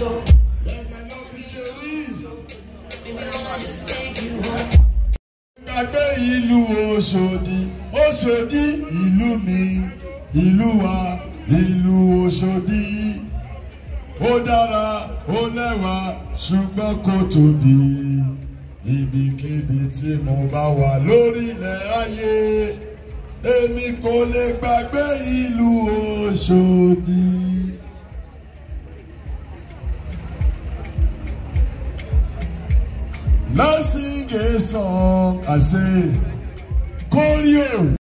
so Last night no PJs Baby, I'ma just take you home Gbàgbé ilu Òṣòdì, Òṣòdì ìlú mi, ilu wa, ìlú Òṣòdì. o dára, ó lẹ́wà, ṣùgbọ́n kò tóbi. Ibikíbi tí mo bá wà lórílẹ̀ ayé, èmi kò lè gbàgbé ìlú Òṣòdì. Let's sing a song I say, call you.